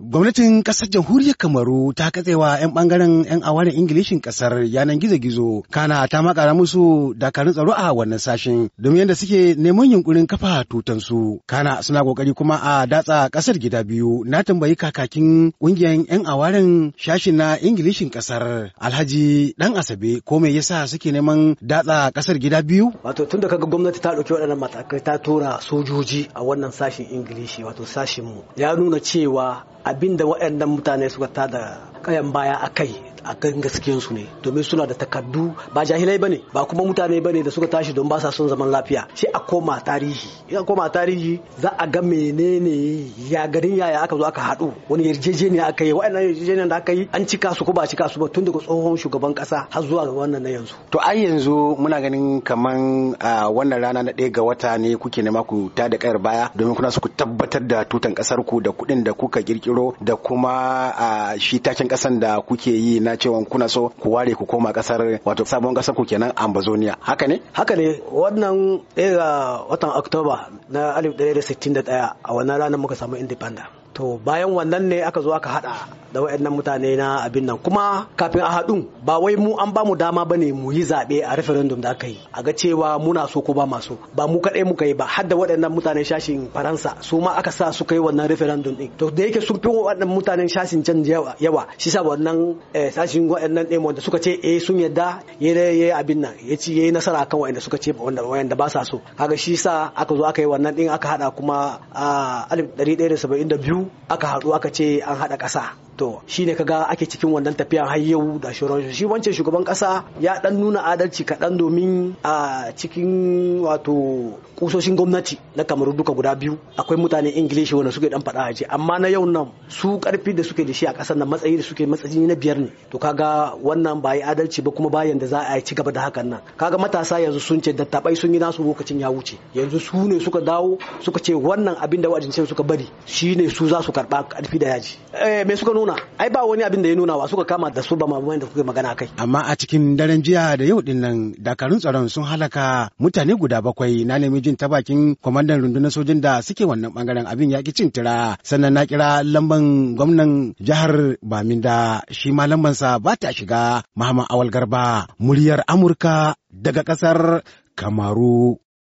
Gwamnatin ƙasar jamhuriyar Kamaru ta katsewa 'yan ɓangaren 'yan awarin Ingilishin ƙasar yanan gizo-gizo kana ta makara musu dakarun tsaro a wannan sashen domin yadda suke neman yunkurin kafa tutansu. Kana suna ƙoƙari kuma a datsa ƙasar gida biyu na tambayi kakakin ƙungiyar 'yan awarin shashin na Ingilishin ƙasar Alhaji Dan Asabe ko me yasa suke neman datsa ƙasar gida biyu? Wato tun da kaga gwamnati ta ɗauki waɗannan matakai ta tura sojoji a wannan sashen Ingilishi wato sashenmu ya nuna cewa abinda waɗannan mutane suka tada kayan baya a kai a kan gaskiyar su ne domin suna da takardu ba jahilai bane ba kuma mutane bane da suka tashi don ba sa son zaman lafiya sai a koma tarihi ya koma tarihi za a ga menene ya garin yaya aka zo aka haɗu wani yarjejeniya aka yi wa'annan yarjejeniya da aka yi an cika su ko ba cika su ba tun daga tsohon shugaban kasa har zuwa ga wannan na yanzu to ai yanzu muna ganin kaman wannan rana na ɗaya ga wata ne kuke nema ku ta da kayar baya domin kuna su ku tabbatar da tutan kasar ku da kuɗin da kuka kirkiro da kuma shi takin da kuke yi na cewa kuna so ku ware ku koma kasar wato sabon kasar ku kenan Ambazonia haka ne haka ne wannan ɗaya ga watan Oktoba na 1961 a wannan ranar muka samu independence to bayan wannan ne aka zo aka hada da waɗannan mutane na abin nan kuma kafin a haɗu ba wai mu an ba mu dama ba ne mu yi zaɓe a referendum da aka yi a ga cewa muna so ko ba ma so ba mu kaɗai muka yi ba har da waɗannan mutanen shashin faransa su ma aka sa suka yi wannan referendum ɗin to da yake sun fi waɗannan mutanen shashin can yawa shi sa wannan eh, shashin waɗannan ɗin wanda suka ce eh sun yadda ya yi abin nan ya ci ya yi nasara kan waɗanda suka ce waɗanda ba sa so kaga shi sa aka zo aka yi wannan ɗin aka haɗa kuma a 1972 aka haɗu aka ce an haɗa ƙasa to shine kaga ake cikin wannan tafiya har yau da shoron shi wancan shugaban kasa ya dan nuna adalci kaɗan domin a cikin wato kusoshin gwamnati na kamaru duka guda biyu akwai mutane ingilishi wanda suke dan faɗa aje amma na yau nan su karfi da suke da shi a ƙasar nan matsayi da suke matsayi na biyar ne to kaga wannan ba yi adalci ba kuma bayan da za a yi ci gaba da hakan nan kaga matasa yanzu sun ce dattabai sun yi nasu lokacin ya wuce yanzu su ne suka dawo suka ce wannan abin da wa'adin suka bari shine su za su karba karfi da yaji eh me suka nuna nuna ai ba wani abin da ya nuna wa suka kama da su ba mamayen da kuke magana kai amma a cikin daren jiya da yau din nan dakarun tsaron sun halaka mutane guda bakwai na nemi jin ta bakin kwamandan rundunar sojin da suke wannan bangaren abin ya ki cin tira sannan na kira lamban gwamnan jihar Baminda shi ma lambansa ba ta shiga Muhammad Awal Garba muryar Amurka daga kasar Kamaru